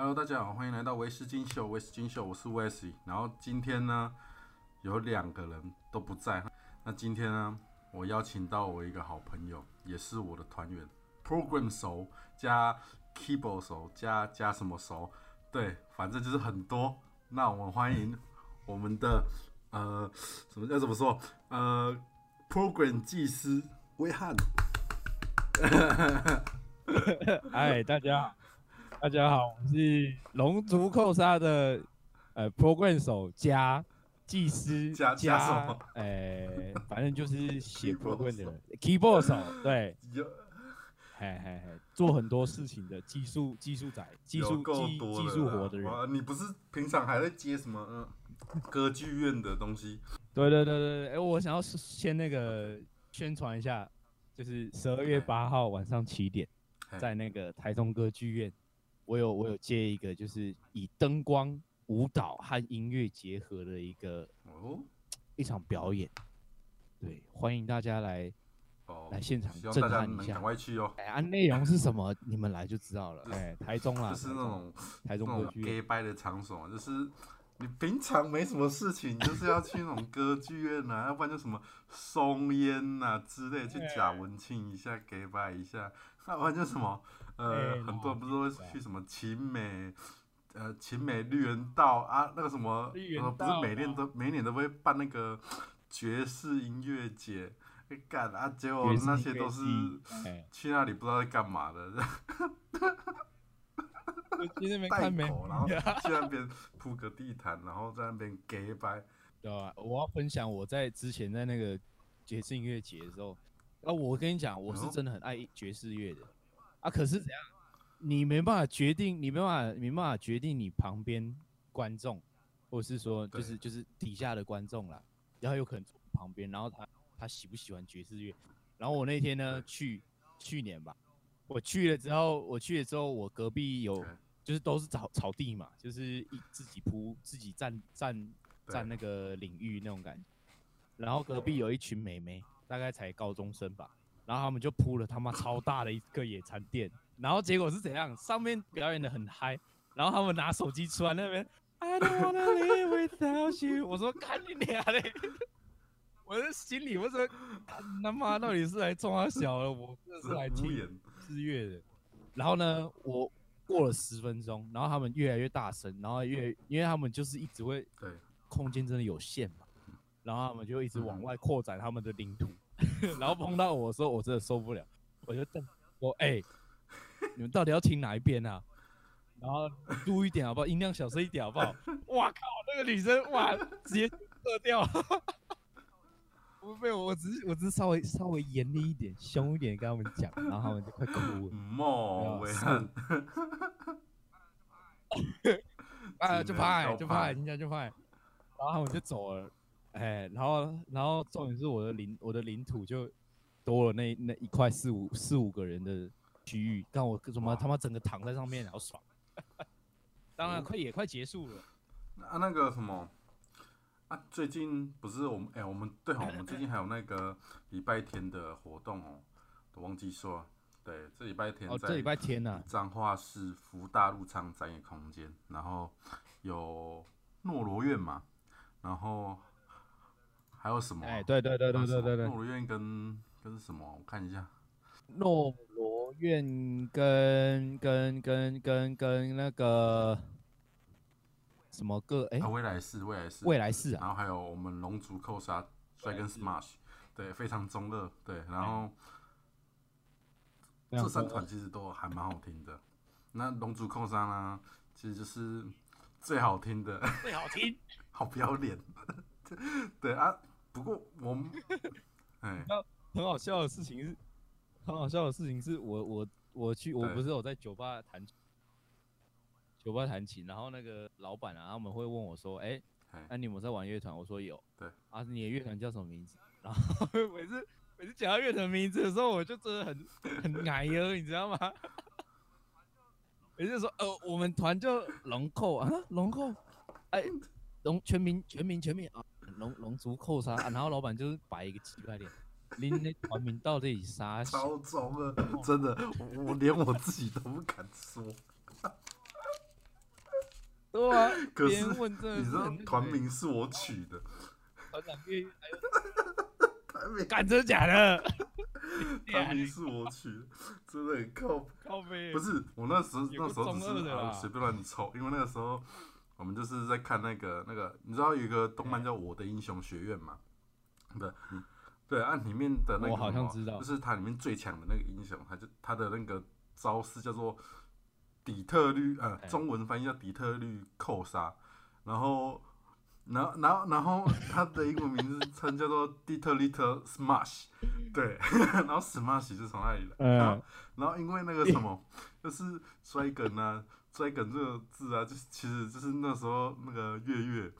Hello，大家好，歡迎來到微失禁 Show。微失禁 Show，我是維斯。然後今天呢，有兩個人都不在。那今天呢，我邀請到我一個好朋友，也是我的團員，program 手加 keyboard 手加加什麼手？對，反正就是很多。那我們歡迎我們的呃，什麼叫怎麼說？呃，program 技師威翰。哎，， 大家。大家好，我是龍族扣殺的呃，program 手加技師加加什麼？哎、欸，反正就是寫 program 的人 ，keyboard 手 對，嘿嘿嘿，做很多事情的技術技術仔、啊、技術技技術活的人。你不是平常還在接什麼歌劇院的東西？ 對，對對對對，哎、欸，我想要先那個宣傳一下，就是十二月八號晚上七點，在那個台中歌劇院。我有我有接一個，就是以燈光、舞蹈和音樂結合的一個哦，一場表演。對，歡迎大家來，哦、來現場震撼一下。外區哦，哎、欸，內、啊、容是什麼？ 你們來就知道了。哎、就是欸，台中啊，就是那種台中，台中歌劇院。假掰的場所，就是你平常沒什麼事情，就是要去那種歌劇院吶、啊， 要不然就什麼松菸呐、啊、之類，去假文青一下假掰一下，要不然就什麼。呃、欸，很多人不是會去什麼、嗯、勤美，呃，勤美綠園道啊，那個什麼，綠、呃、不是每年都每年都會辦那個爵士音樂節，幹、欸、啊，結果那些都是去那裡不知道在幹嘛的，嗯、 去那邊看沒 口，然後去那邊鋪個地毯， 然後在那邊假掰。對啊，我要分享我在之前在那個爵士音樂節的時候，啊，我跟你講，我是真的很愛爵士樂的。哦啊，可是怎樣？你沒辦法決定，你沒辦法，沒辦法決定你旁邊觀眾，或者是說就是就是底下的觀眾啦，然後有可能坐旁邊，然後他他喜不喜歡爵士樂？然後我那天呢，去去年吧，我去了之後，我去了之後，我隔壁有就是都是草草地嘛，就是一自己鋪自己站站站那個領域那種感覺，然後隔壁有一群美眉，大概才高中生吧。然後他們就鋪了他媽超大的一個野餐墊， 然後結果是怎樣？上面表演的很嗨，然後他們拿手機出來那邊 ，I don't wanna live without you 。我說幹 你倆娘嘞， 我的心裡我說他、啊、媽，媽到底是來衝三小的，我就是來聽音樂的。然後呢，我過了十分鐘，然後他們越來越大聲，然後越、越因為他們就是一直會，對，空間真的有限嘛，然後他們就一直往外擴展他們的領土。嗯 然後碰到我的時候，我真的受不了，我就說：“哎、欸，你們到底要聽哪一邊啊？然後錄一點好不好？音量小聲一點好不好？”哇靠！那個女生哇，直接餓掉了。不，沒有，我只是我只是稍微稍微嚴厲一點、凶一點跟他們講，然後他們就快哭了。媽、嗯嗯 啊、就怕、欸、就怕、欸，人家就怕、欸嗯，然後我就走了。哎，然後，然後，重點是我的領我的領土就多了那那一塊四五四五個人的區域，但我怎麼他媽整個躺在上面，好爽。 當然，快也快結束了。嗯、啊，那個什麼啊，最近不是我們哎、欸，我們對我們最近還有那個禮拜天的活動哦， 都忘記說了。對，這禮拜天哦，這禮拜天呢、啊，彰化市福大祿昌展演空間，然後有諾羅院嘛，嗯、然後。還有什麼、啊？哎、欸，對對對對對對對。諾羅院跟跟什麼，跟跟什麼、啊？我看一下，諾羅院跟跟跟跟跟那個什麼個？哎、欸、啊，未來式，未來式，未來式、啊、嗯、然後還有我們龍族扣殺摔跟 smash，對，非常中二，對。然後、欸、這三團其實都還蠻好聽的。那龍族扣殺呢，其實就是最好聽的，最好聽， 好不要臉， 對啊。不過我們、嗯，那 很好笑的事情是，很好笑的事情是我我我去，我不是我在酒吧彈，酒吧彈琴，然後那個老闆啊，他們會問我說，哎、欸，那、啊、你們在玩樂團？我說有，對，啊，你的樂團叫什麼名字？然後每次每次講到樂團名字的時候，我就真的很 很矮喲，你知道嗎？每次說，呃，我們團叫龍扣 啊，龍扣，哎，龍全民全民全民啊。龍龍族扣殺、啊，然後老闆就是擺一個奇怪臉。恁 團名到這裡殺超重了、哦，真的，哦、我 連我自己都不敢說。對啊，可是別問這個，你知團名是我取的。團 長，哈哈哈哈敢真的假的？團 名是我取，的，真的很靠靠北。不是，我那時候那時候只是隨便亂抽，因為那個時候。我們就是在看那個那個，你知道有一個動漫叫《我的英雄學院》嘛，欸？對對，按、啊、裡面的那個，我好像知道，就是它裡面最強的那個英雄，他就他的那個招式叫做底特律，呃，中文翻譯叫底特律扣殺，欸，然後，然後，然後，然後他的英文名字稱叫做底特利特 smash，對， 然後 smash 就從那裡來，嗯、然後，然後因為那個什麼，欸、就是摔梗啊。 拽根這個字啊，就是其實就是那時候那個月月，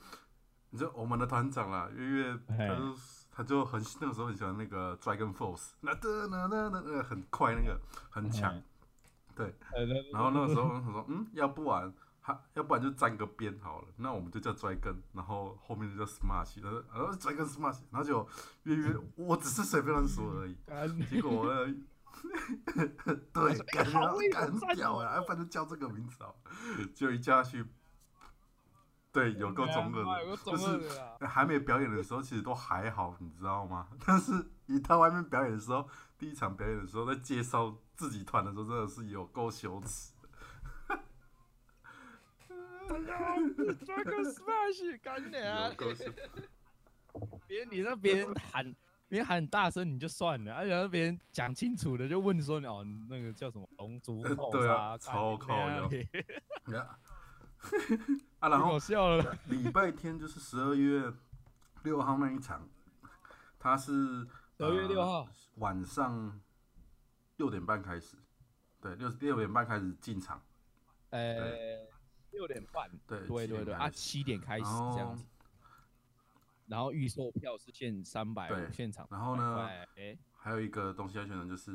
你知道我們的團長啦，月月，他就他就很喜，那個時候很喜歡那個拽根 force，那噔噔噔噔很快那個很強，對。然後那個時候他說：“嗯，要不然他、啊、要不然就沾個邊好了，那我們就叫拽根，然後後面就叫 smash，然後然後拽根 smash，然後就月月、嗯，我只是隨便亂說而已， 結果呢。 ” 對、幹、欸、叫、欸、 啊！反正叫這個名字啊， 就一叫下去， 對，有夠中二的。我、 啊、就是還沒有表演的時候，其實都還好，你知道嗎？但是，一到外面表演的時候， 第一場表演的時候，在介紹自己團的時候，真的是有夠羞恥。別 你哈，哈，哈，哈，你喊很大聲，你就算了，而且別人講清楚的就問說，你哦，那個叫什麼龍珠、欸？對啊，超摳的。你 啊，然後，禮 拜天就是十二月六號那一場，他是十二月六號、呃、晚上六點半開始，對，六六點半開始進場。呃、欸，六點半。對對對對，他七點、啊、點開始這樣子。然後預售票是限三百，對，現場。然後呢，還有一個東西要選的就是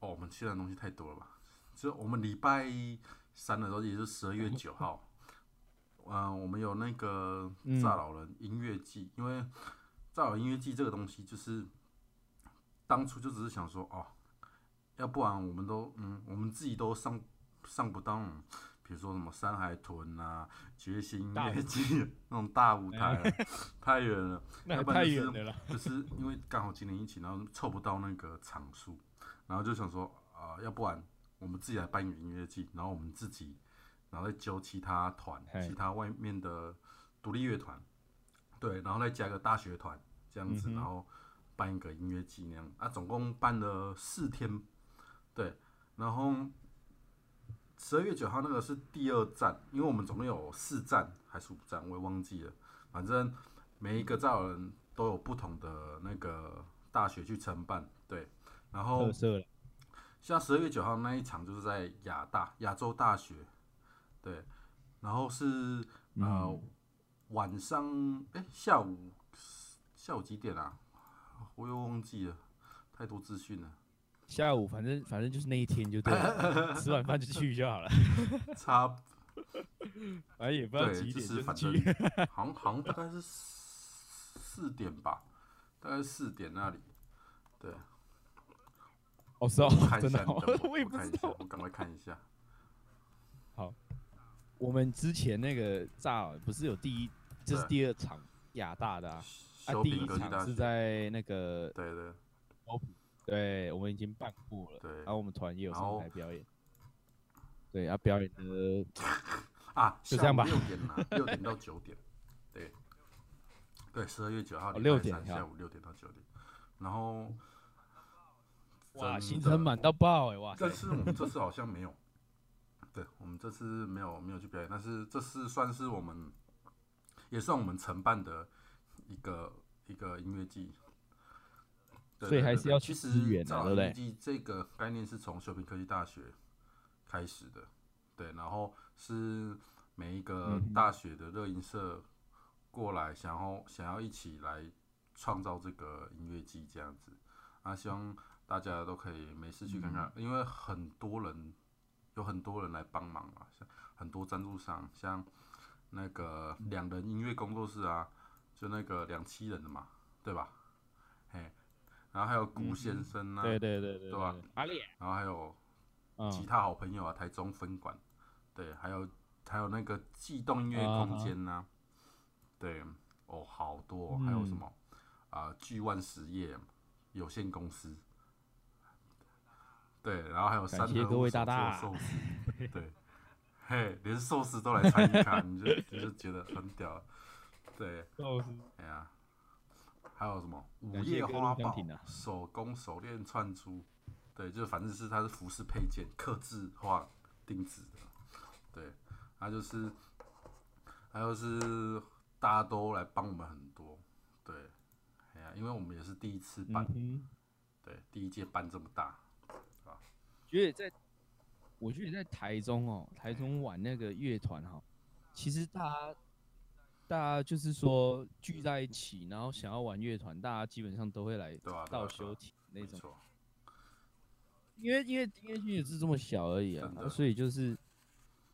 哦，我們簽的東西太多了吧？就是我們禮拜三的時候也就是十二月九號，嗯、 呃，我們有那個炸老人音樂祭，嗯、因為炸老人音樂祭這個東西就是當初就只是想說哦，要不然我們都嗯，我們自己都上上不到。比如說什麼山海屯吶、啊，覺醒音樂季 那種大舞台、啊哎，太遠了。要、就是、太遠的了，就是因為剛好今年疫情，然後湊不到那個場數，然後就想說啊、呃，要不然我們自己來辦一個音樂季，然後我們自己，然後再揪其他團，其他外面的獨立樂團，對，然後再加個大學團這樣子、嗯，然後辦一個音樂季那樣啊，總共辦了四天，對，然後。十二月九號那個是第二站，因為我們總共有四站還是五站，我也忘記了。反正每一個炸老人都有不同的那個大學去承辦，對。然後，像十二月九號那一場就是在亞大亞洲大學，對。然後是呃、嗯、晚上，哎下午下午幾點啊？我又忘記了，太多資訊了。下午，反正反正就是那一天就對了， 吃完飯就去就好了， 差不，多笑反正也不知道幾點就去反正， 行行大概是四點吧， 大概四點那裡，對，哦、oh, so.，是哦，真的，我也不知道，我看一下， 我趕快看一下，好，我們之前那個炸不是有第一，就是第二場亞大的，啊的大，啊，第一場是在那個，對的。Oh. 對我們已經辦過了，對，然後我們團也有上台表演，對，然、啊、表演的 啊，就這樣吧，六點、啊、 六點到九點，對，對，十二月九號六、哦、點下午六點到九點，然後、嗯、哇，行程滿到爆哎、欸，哇，這次我們這次好像沒有， 對我們這次沒有沒有去表演，但是這次算是我們也算我們承辦的一個、嗯、一個音樂祭。對對對，所以還是要去資源了嘞、欸。這個概念是從修平科技大學開始的，對，然後是每一個大學的熱音社過來想要，然、嗯、後想要一起來創造這個音樂祭這樣子，那希望大家都可以沒事去看看、嗯，因為很多人有很多人來幫忙啊，像很多贊助商，像那個兩人音樂工作室啊，就那個兩棲人的嘛，對吧？嘿。然後還有古先生吶、啊嗯嗯，對對對對，對，對吧啊啊？然後還有其他好朋友啊、嗯，台中分館，對，還有還有那個悸動音樂空間啊，啊對，哦，好多，嗯、還有什麼啊、呃？巨萬實業有限公司，對，然後還有三做壽司，感謝各位大，大、啊、對，嘿 ，hey, 連壽司都來參加， 你就 你就覺得很屌，對，壽司，哎呀、啊。還有什麼五夜花寶、啊、手工手鏈串珠，對，就反正是它是服飾配件、客製化、訂製的，對，那就是還有是大家都來幫我們很多，對，哎呀、啊，因為我們也是第一次辦、嗯，對，第一屆辦這麼大，啊，覺得在我覺得在台中哦、喔，台中玩那個樂團哈，其實他。大家就是說聚在一起，然後想要玩樂團，大家基本上都會來到休息那種。啊啊啊啊、因為因為音樂圈也是這麼小而已啊，啊所以就是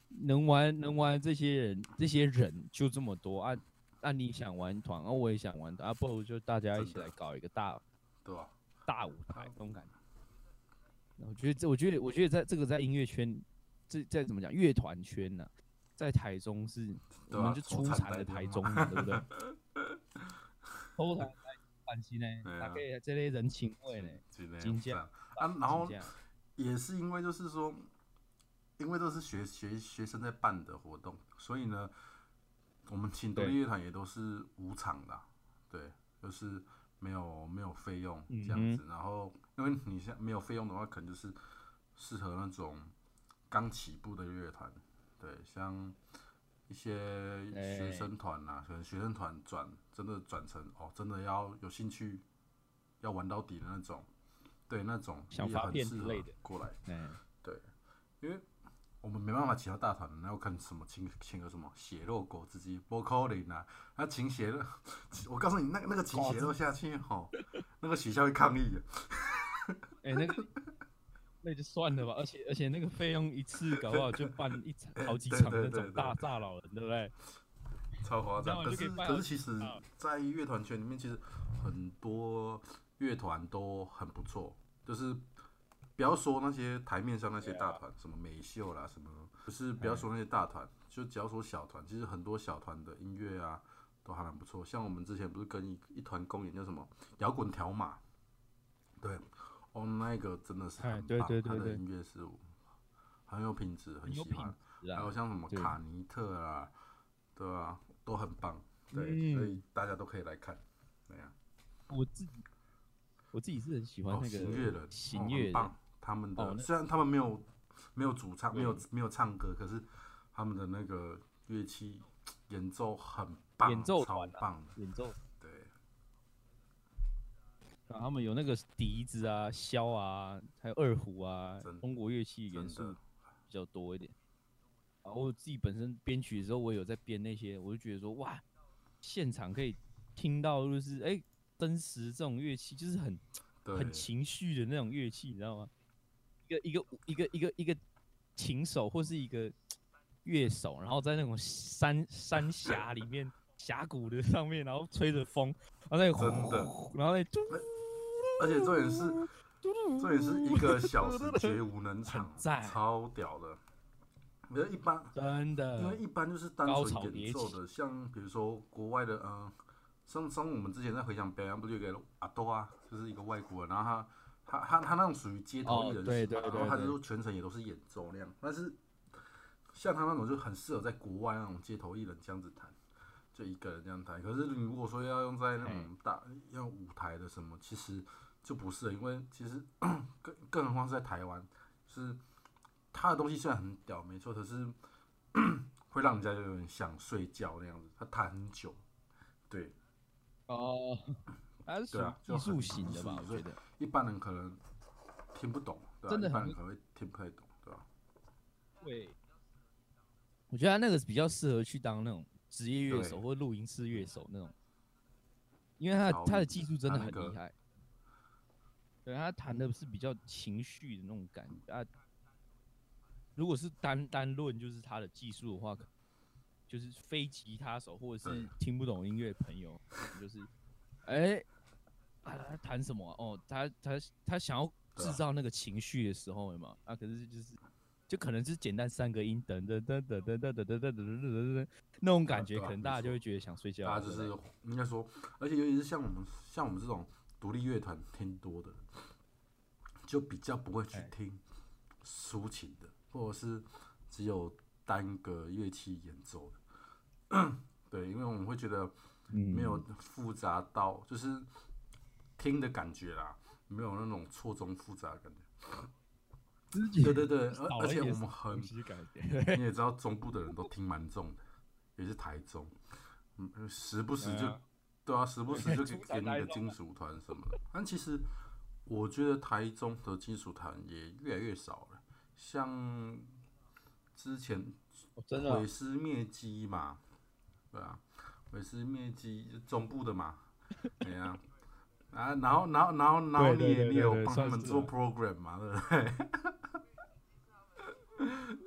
能玩能玩這些人，這些人就這麼多啊。那、啊、你想玩團，而、啊、我也想玩團，啊，不如就大家一起來搞一個大大、啊、大舞台這種感覺。我覺得這，我覺得我覺得，我覺得在這個在音樂圈，這再怎麼講樂團圈呢、啊？在台中是，對啊、我們就出產在台中，對不對？後 台關心呢，大概這類人情味呢，就這樣啊。然後也是因為就是說，因為都是學學學生在辦的活動，所以呢，我們請獨立樂，樂團也都是無償的、啊對，對，就是沒有沒有費用、嗯、這樣子。然後因為你像沒有費用的話，可能就是適合那種剛起步的樂團。對，像一些學生團啊、欸，可能學生團轉真的轉成哦，真的要有興趣，要玩到底的那種，對，那種也很適合過來。嗯、欸，對，因為我們沒辦法請到大團，那要看什麼請請個什麼血肉果汁機波卡林啊，那、啊、請血肉，我告訴你，那那個請血肉下去吼，那個學校會抗議的。哎、欸，那個。 那就算了吧，而且而且那個費用一次搞不好就辦一場 好幾場那種大炸老人，對不對？超誇張。可是可，可是其實在樂團圈裡面，其實很多樂團都很不錯。就是不要說那些台面上那些大團、啊，什麼美秀啦什麼，就是不要說那些大團，就只要說小團，其實很多小團的音樂啊都還蠻不錯。像我們之前不是跟一團公演叫什麼搖滾跳馬，對。哦，那個真的是很棒，哎、對對對對對，他的音樂是很有品質，很喜歡很、啊。還有像什麼卡尼特啊，對吧、啊，都很棒。對、嗯，所以大家都可以來看，怎樣、啊？我自己，我自己是很喜歡那個弦樂的，弦、哦、樂棒。他們的、哦、雖然他們沒有沒有主唱，嗯、沒有沒有唱歌，可是他們的那個樂器演奏很棒，啊、超棒的，演奏。他們有那個笛子啊、簫啊，還有二胡啊，中國樂器元素比較多一點。然後我自己本身編曲的時候，我有在編那些，我就覺得說哇，現場可以聽到就是哎、欸，真實這種樂器就是很很情緒的那種樂器，你知道嗎？一個一個一個一個一個，一個琴手或是一個樂手，然後在那種山山峽裡面峽 谷的上面，然後吹着風，然後在，然後在。而且重點是，重點是一個小時絕無冷場 超屌的。因為一般真的，因為一般就是單純演奏的。像比如說國外的，嗯、呃，像像我們之前在回想表演，不就給了阿多啊，就是一個外國人，然後他他他他那種屬於街頭藝人，哦，對對對，對，對，他就是全程也都是演奏那樣。但是像他那種就很適合在國外那種街頭藝人這樣子彈，就一個人這樣彈。可是你如果說要用在那種大要舞台的什麼，其實。就不是了，因為其實更更何況是在台灣，就是他的東西雖然很屌，沒錯，可是會讓人家就有點想睡覺那樣子，他彈很久，對，哦，是對啊，藝術型的嘛，所以一般人可能聽不懂，對啊、真的很，一般人可能會聽不太懂，對吧、啊？對，我覺得他那個比較適合去當那種職業樂手或錄音室樂手那種，因為他他的技術真的很厲、那個、害。對，他彈的是比較情緒的那種感覺啊，如果是單單論就是他的技術的話，就是非吉他手或者是聽不懂音樂的朋友，可能就是，哎、欸啊，他彈什麼、啊？哦，他他他想要制造那個情緒的時候嘛、啊？啊，可是就是，就可能就是簡單三個音，等等等等等等等等等等等等那種感覺，嗯嗯嗯、可能大家就會覺得想睡覺。他、嗯、就、嗯、是、嗯嗯是嗯、應該說，而且尤其是像我們像我們這種。獨立樂團聽多的，就比較不會去聽抒情的，欸、或者是只有單個樂器演奏的。 對，因為我們會覺得沒有複雜到，嗯、就是聽的感覺啦，沒有那種錯綜複雜的感覺、嗯。對對對，而而且我們很， 你也知道，中部的人都聽蠻重的，也是台中，嗯，時不時就。欸啊對啊，時不時就給給那個金屬團什麼的。但其實我覺得台中的金屬團也越來越少了。像之前、哦、真的毀屍滅迹嘛，對啊，毀屍滅迹中部的嘛。 對啊，然後然後然後然後,然後你對對對對你有幫他們做 program 嘛？對,對對？不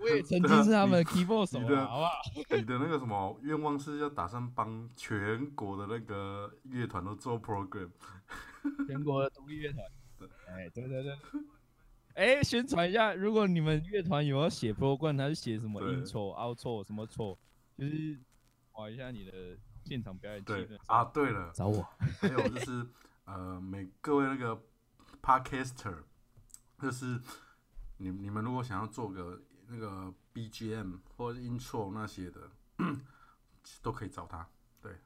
對，曾經是他們的 keyboard 手、啊、的好不好？你的那個什麼願望是要打算幫全國的那個樂團都做 program，全國獨立樂團對。哎，對對對，哎，宣傳一下，如果你們樂團有要寫 program，還是寫什麼 intro、outro、什麼 tro，就是玩一下你的現場表演機。對啊，對了，找我。還有就是，呃，每各位那個 podcaster 就是你你們如果想要做個。那個 BGM 或者 Intro 那些的， 都可以找他，對，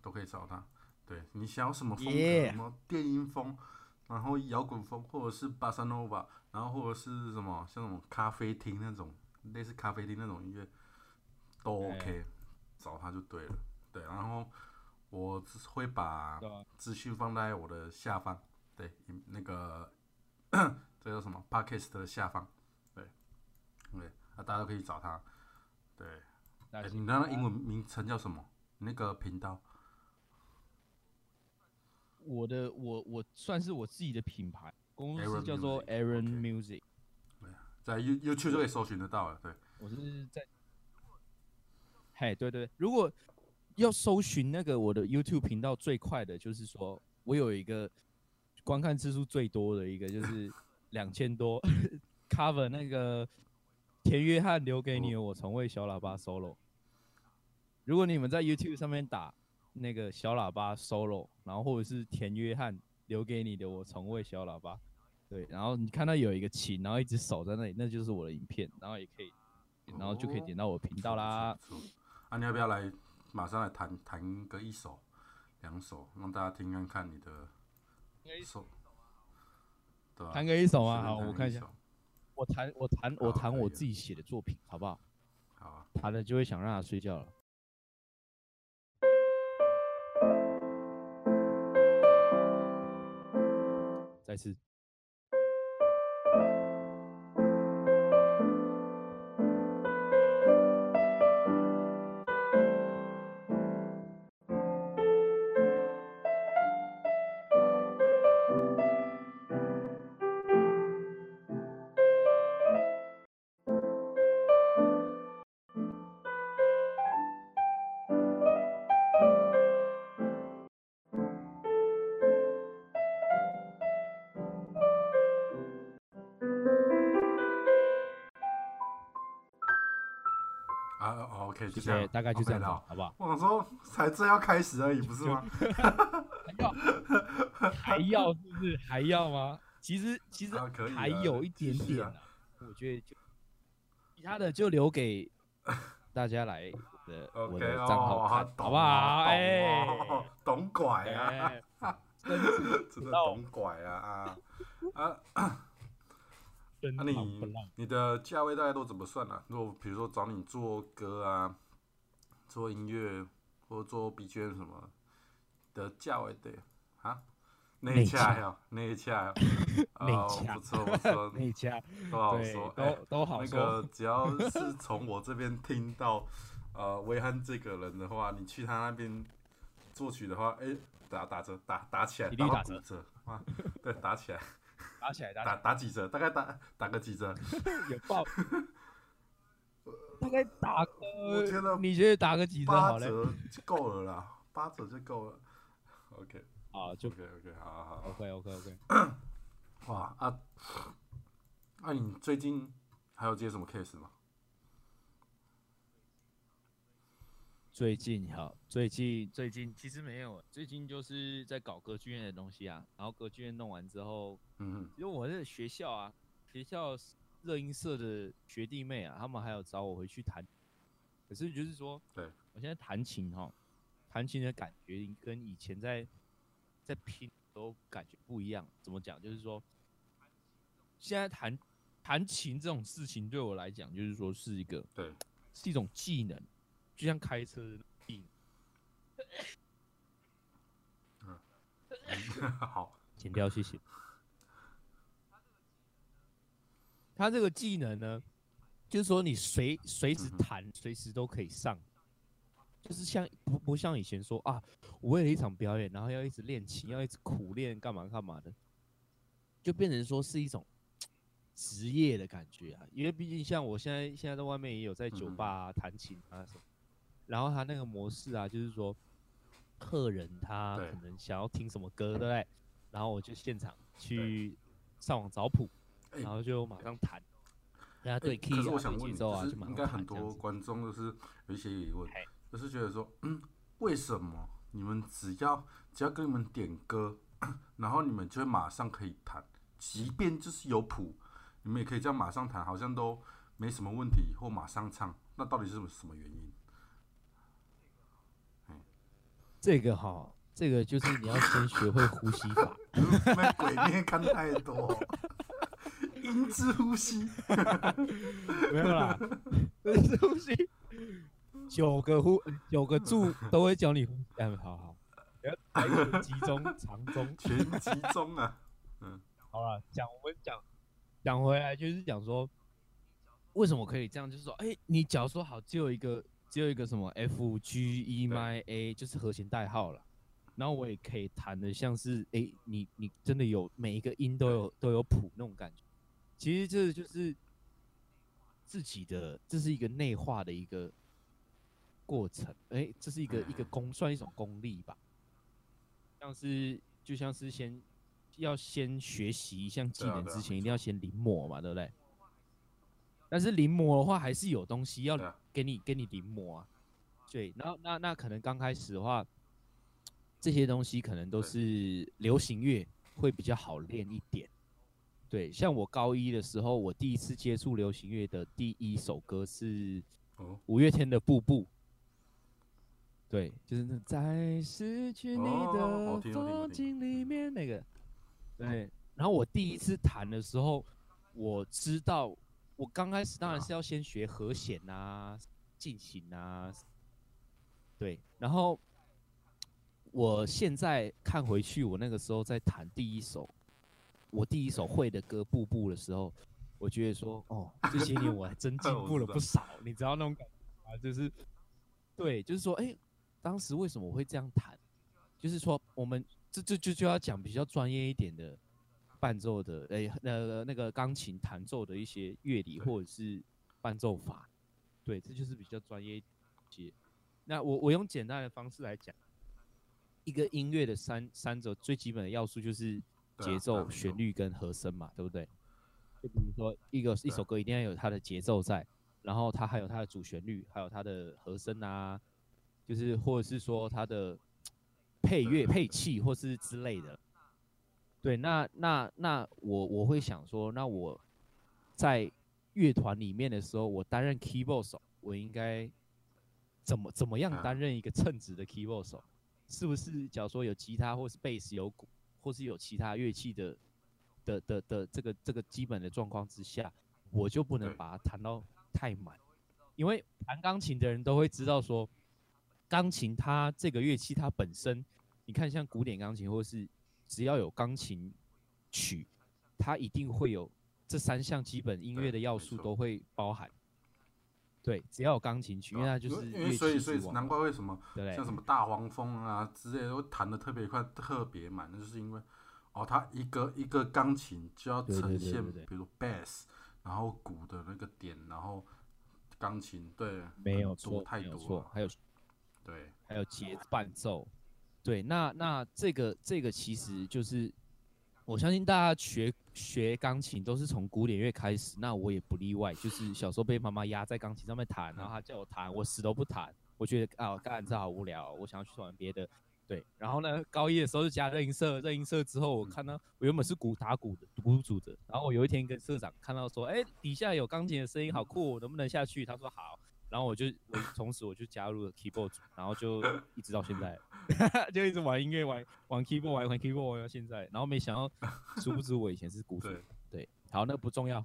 都可以找他。對你想要什麼風格？Yeah. 什麼電音風，然後搖滾風，或者是 Bossa Nova 然後或者是什麼像什麼咖啡廳那種，類似咖啡廳那種音樂都 OK，Yeah. 找他就對了。對，然後我會把資訊放在我的下方，對，那個 這叫什麼 Podcast 的下方。對，那、啊、大家都可以找他。對，哎，你那英文名稱叫什麼？那個頻道？我的，我我算是我自己的品牌公司叫做 Aaron Music，okay。Okay. 對，在 YouTube 也可以搜尋得到了。對，我是在。嘿、hey，對對，如果要搜尋那個我的 YouTube 頻道最快的就是說，我有一個觀看次數最多的一個，就是兩千多 cover 那個。田約翰留給你的，我從未小喇叭 solo。如果你們在 YouTube 上面打那個小喇叭 solo，然後或者是田約翰留給你的，我從未小喇叭，對，然後你看到有一個琴，然後一直守在那裡，那就是我的影片，然後也可以，然後就可以點到我頻道啦、哦。啊，你要不要來？馬上來彈彈個一首、兩首，讓大家聽看看你的。一首。對，彈個一首啊！好，我看一下。一首我彈，我彈，我彈我自己寫的作品好，好不好？好、啊，彈了就會想讓他睡覺了。啊、再次。對、欸，大概就這樣子，okay, 好不好？我說才正要開始而已，不是嗎？還要？ 還要是不是？是是還要嗎？其實其實還、啊、還有一點點、啊啊、我覺得就其他的就留給大家來的，我的帳號。OK，好、oh，好不好？哎、oh, 啊啊 hey, 哦，懂拐啊 hey, 呵呵真，真的懂拐啊啊！那、啊、你你的價位大概都怎麼算呢、啊？如果比如說找你做歌啊？做音樂或做 BGM 什麼的價位對啊？那一呀，內價呀，不錯不錯，內 價都好說。欸、都都好說。那個只要是從我這邊聽到， 呃，威翰這個人的話，你去他那邊作曲的話，誒、欸，打打折，打打，打起來，打定、啊、打折啊！對，打起來， 打起來，打打幾折？ 大概打打個幾折？ 有報。 打個，我你覺得打個幾折好嘞？就夠了啦， 八折就夠了。OK，好就可以 okay，OK，好好，好，OK，OK，OK、okay, okay, okay. 哇啊，那、啊、你最近還有接什麼 case 嗎？最近好，最近最近其實沒有，最近就是在搞歌劇院的東西啊。然後歌劇院弄完之後，嗯哼，因為我是學校啊，學校。熱音社的學弟妹啊，他們還有找我回去彈，可是就是說，對我現在彈琴哈，彈琴的感覺跟以前在在拼都感覺不一樣。怎麼講？就是說，現在彈彈琴這種事情對我來講，就是說是一個對，是一種技能，就像開車的技能。嗯，好， 剪掉謝謝。他這個技能呢，就是說你隨隨時彈，隨時都可以上，就是像不不像以前說啊，我為了一場表演，然後要一直練琴，要一直苦練幹嘛幹嘛的，就變成說是一種職業的感覺啊。因為畢竟像我現在現在在外面也有在酒吧，啊，彈琴啊，嗯，然後他那個模式啊，就是說客人他可能想要聽什麼歌，對不對？然後我就現場去上網找譜。欸、然後就馬上彈、欸啊，可是我想問你，就、啊、是應該很多觀眾都是有一些疑問就，就是覺得說，嗯，為什麼你們只要只要跟你們點歌，然後你們就會馬上可以彈，即便就是有譜，你們也可以這樣馬上彈，好像都沒什麼問題，或馬上唱，那到底是什麼什麼原因？哎、嗯，這個哈、哦，這個就是你要先學會呼吸法，因 為鬼滅看太多。 音之呼吸， 沒有啦。音之呼吸， 九個呼，九個柱都會教你呼。嗯，好好，要、欸、集中、長中、 全集中啊。嗯 好了，講我們講講回來，就是講說為什麼可以這樣，就是說，哎、欸，你假如說好，只有一個，只有一個什麼 F G E M A，就是和弦代號了。然後我也可以彈的像是，哎、欸，你你真的有每一個音都有都有譜那種感覺。其實這就是自己的，這是一個內化的一個過程。哎，這是一個一個功，算一種功力吧。像是就像是先要先學習一項技能之前，一定要先臨摹嘛，對不對？但是臨摹的話，還是有東西要給你給你臨摹啊。對，然後那那可能剛開始的話，這些東西可能都是流行樂會比較好練一點。對，像我高一的時候，我第一次接觸流行樂的第一首歌是五月天的《步步》。對，就是在失去你的風景裡面那個。對，然後我第一次彈的時候，我知道我剛開始當然是要先學和弦啊、進行啊。對，然後我現在看回去，我那個時候在彈第一首。我第一首會的歌《步步》的時候，我覺得說，哦，這些年我還真進步了不少， 嗯。你知道那種感覺嗎？就是對，就是說，哎，當時為什麼我會這樣彈？就是說，我們這這就就，就，就要講比較專業一點的伴奏的，哎，那個、那個鋼琴彈奏的一些樂理或者是伴奏法。對，這就是比較專業一些。那我我用簡單的方式來講，一個音樂的三三者最基本的要素就是。節奏、旋律跟和聲嘛對，對不對？就比如說一個一首歌一定要有它的節奏在，然後它還有它的主旋律，還有它的和聲啊，就是或者是說它的配樂、配器或是之類的。對，那那那我我會想說，那我在樂團裡面的時候，我擔任 keyboard 手，我應該怎麼怎麼樣擔任一個稱職的 keyboard 手？是不是？假如說有吉他或是 bass 有鼓。或是有其他樂器的的的的，的這個這個基本的狀況之下，我就不能把它彈到太滿，因為彈鋼琴的人都會知道說，鋼琴它這個樂器它本身，你看像古典鋼琴或是只要有鋼琴曲，它一定會有這三項基本音樂的要素都會包含。對，只要有鋼琴曲，啊、因為就是因為所以所以難怪為什麼，對咧，像什麼大黃蜂啊之類都彈的特別快，特別滿，那就是因為，哦，它一個一個鋼琴就要呈現，對對對對對對，比如 bass，然後鼓的那個點，然後鋼琴，對，沒有錯，沒有錯，還有，對，還有節伴奏，對，那那這個這個其實就是。我相信大家學學鋼琴都是從古典樂開始，那我也不例外。就是小時候被媽媽壓在鋼琴上面彈，然後她叫我彈，我死都不彈。我覺得啊，幹這好無聊，我想要去玩別的。對，然後呢，高一的時候就加了熱音社，熱音社之後我看到我原本是鼓打鼓的鼓組的，然後我有一天跟社長看到說，哎、欸，底下有鋼琴的聲音，好酷，能不能下去？他說好。然後我就我從此我就加入了 Keyboard 組，然後就一直到現在， 就一直玩音樂玩玩 Keyboard 玩玩 Keyboard 玩到現在。然後沒想到，殊不知我以前是鼓手。對，好，那不重要，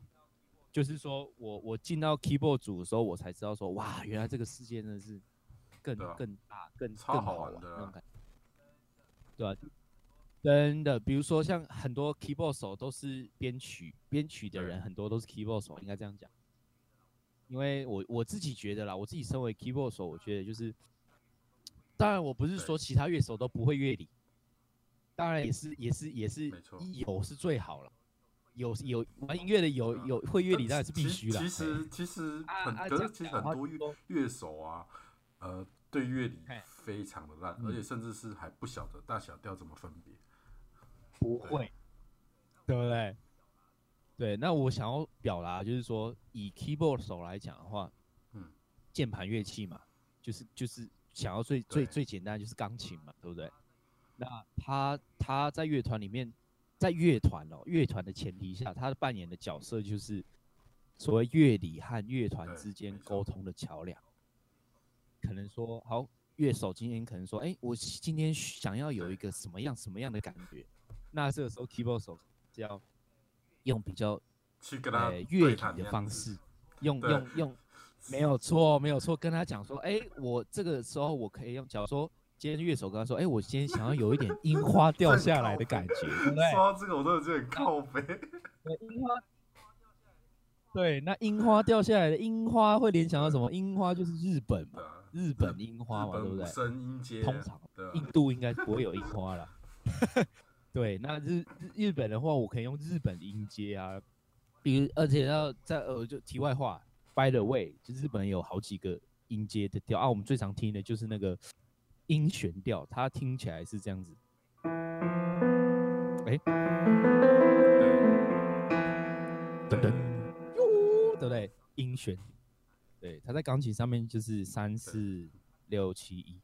就是說我我進到 Keyboard 組的時候，我才知道說，哇，原來這個世界真的是更、對啊、更大更更好玩、對啊。那種感覺。對啊，真的，比如說像很多 Keyboard 手都是編曲編曲的人，很多都是 Keyboard 手，應該這樣講。.因為我我自己覺得啦，我自己身為 keyboard 手，我覺得就是，當然我不是說其他樂手都不會樂理，當然也是也是也是，沒錯，有是最好了，有有玩音樂的有、嗯、有會樂理當然是必須了。其實其實、啊啊、其實很多很多樂樂手啊，呃，對樂理非常的爛、嗯，而且甚至是還不曉得大小調怎麼分別，不會，對，對不對？對，那我想要表達就是說，以 keyboard 手來講的話，嗯，鍵盤樂器嘛，就是就是想要最最最簡單，就是鋼琴嘛，對不對？那他他在樂團裡面，在樂團哦，樂團的前提下，他的扮演的角色就是所謂樂理和樂團之間溝通的橋樑。可能說，好，樂手今天可能說，哎、欸，我今天想要有一個什麼樣什麼樣的感覺，那這個時候 keyboard 手就要。用比較去跟他、呃、樂理的方式，用用用，沒有錯，沒有錯，跟他講說，哎，我這個時候我可以用，假如說今天樂手跟他說，哎，我今天想要有一點櫻花掉下來的感覺。 對對，說到這個我，我都有對，那櫻花掉下來的櫻花會聯想到什麼？櫻花就是日本，日本櫻花嘛，對不對？音階通常，印度應該不會有櫻花了。 對，那日日本的話，我可以用日本音階啊，比如，而且要在呃，就題外話，by the way，就日本有好幾個音階的調啊，我們最常聽的就是那個陰旋調，它聽起來是這樣子，哎，對不對？陰旋。對，它在鋼琴上面就是三四六七一，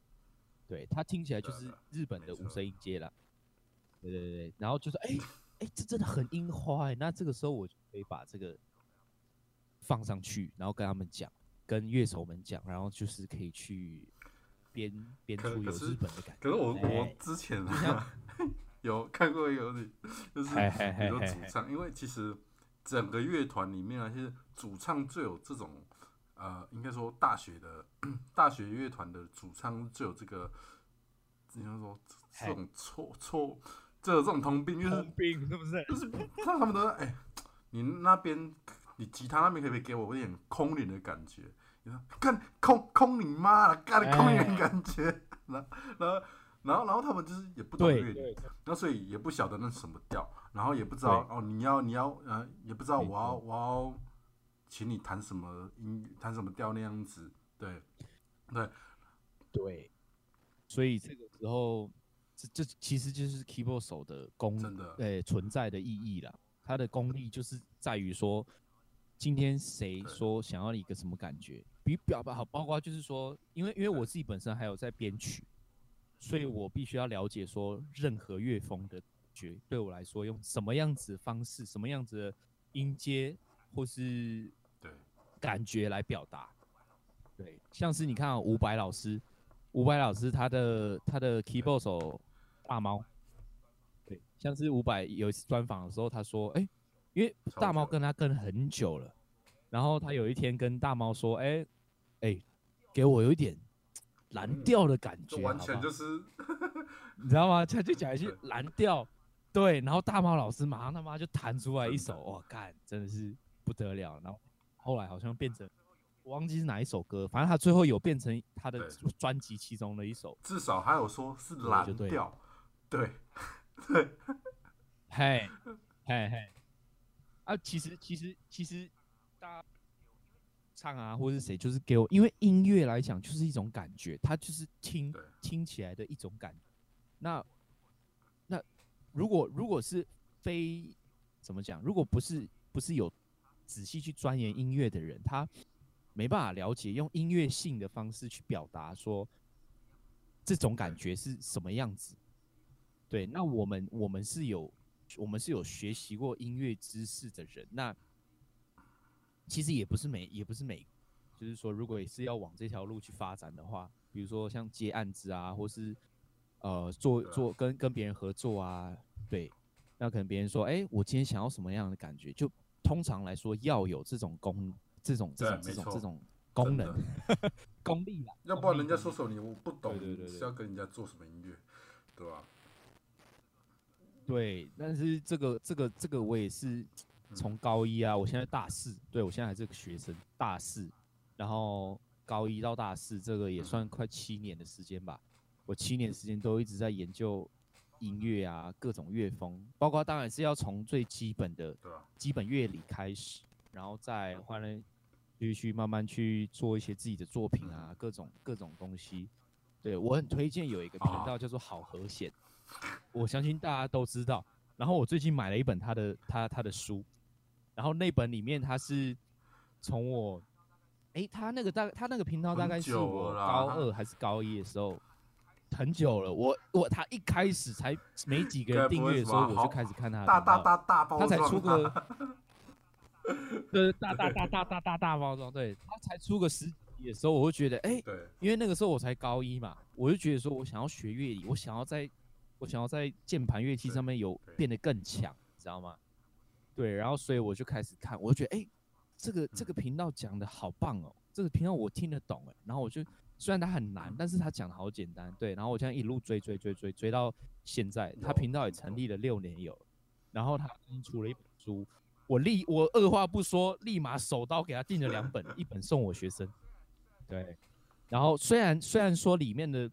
對，它聽起來就是日本的五聲音階了。對對對，然後就是，哎哎，這真的很櫻花哎、欸。那這個時候我就可以把這個放上去，然後跟他們講，跟樂手們講，然後就是可以去編編出有日本的感覺。可,可,是,、欸、可是我我之前好像有看過有，就是很多主唱， 因為其實整個樂團裡面啊，其實主唱最有這種呃，應該說大學的大學樂團的主唱最有這個，應該說,說這種錯錯。這有這種通病，病就是，是不是？就是、 他們都說：“哎、欸，你那邊，你吉他那邊，可不可以給我一點空靈的感覺？”你說：“幹空空你媽的，幹的空靈感覺。哎” 然後然後，然後，然後他們就是也不懂樂理，那所以也不曉得那是什麼調，然後也不知道哦，你要你要，嗯、呃，也不知道我要我要，請你彈什麼音，彈什麼調那樣子。對，對，對，所以這個時候。這這其實就是 keyboard 手的功能、呃、存在的意義啦。它的功力就是在於說，今天誰說想要一個什麼感覺，比表達好，包括就是說，因為因為我自己本身還有在編曲，所以我必須要了解說，任何樂風的感覺對我來說，用什麼樣子的方式，什麼樣子的音階，或是對感覺來表達，對，對像是你看伍佰老師。伍佰老師，他的他的 keyboard 手大貓，對，像是伍佰有一次專訪的時候，他說，哎、欸，因為大貓跟他跟很久了，超久了，然後他有一天跟大貓說，哎、欸，哎、欸，給我有一點藍調的感覺，嗯、好完全就是， 你知道嗎？他就講一句藍調，對，然後大貓老師馬上他媽就彈出來一首，哇，幹，真的是不得了，然後後來好像變成。我忘記是哪一首歌，反正他最後有變成他的專輯其中的一首。至少還有說是藍調、嗯，對對，嘿嘿嘿啊！其實其實其實，大家唱啊，或是誰，就是給我，因為音樂來講就是一種感覺，它就是聽聽起來的一種感覺。那那如果如果是非怎麼講，如果不是不是有仔細去鑽研音樂的人，他。沒辦法了解，用音樂性的方式去表達，說這種感覺是什麼樣子。對，那我們我們是有，我們是有學習過音樂知識的人。那其實也不是每也不是每，就是說，如果也是要往這條路去發展的話，比如說像接案子啊，或是呃做做跟跟別人合作啊，對，那可能別人說，哎、欸，我今天想要什麼樣的感覺，就通常來說要有這種功能。這種這種這種，這種功能， 功力要不然人家說說你我不懂對對對對。是要跟人家做什麼音樂，對吧、啊？對，但是這個這個這個我也是從高一啊、嗯，我現在大四，對，我現在還是個學生，大四，然後高一到大四，這個也算快七年的時間吧、嗯。我七年時間都一直在研究音樂啊，各種樂風，包括當然是要從最基本的對，基本樂理開始，嗯、然後再換了。嗯繼續去慢慢去做一些自己的作品啊，各種各種東西。對我很推薦有一個頻道叫做“好和弦 ”，Oh. 我相信大家都知道。然後我最近買了一本他的他他的書，然後那本裡面他是從我誒他那個大概他那個頻道大概是我高二還是高一的時候，很久了，很久了。我我他一開始才沒幾個人訂閱，所以我就開始看他大大大大包，他才出個。 大，大大大大大大大包裝，對，對他才出個十幾的時候，我會覺得，哎、欸，因為那個時候我才高一嘛，我就覺得說，我想要學樂理，我想要在，我想要在鍵盤樂器上面有變得更強，你知道嗎？對，然後所以我就開始看，我就覺得，哎、欸，這個這個頻道講的好棒哦，嗯，這個頻道我聽得懂、欸，哎，然後我就雖然它很難，但是他講的好簡單，對，然後我現在一路追追追追追到現在，他頻道也成立了六年有，有然後他出了一本書。我立，我二話不說，立馬手刀給他訂了兩本， 一本送我學生，對。然後雖然雖然說裡面的，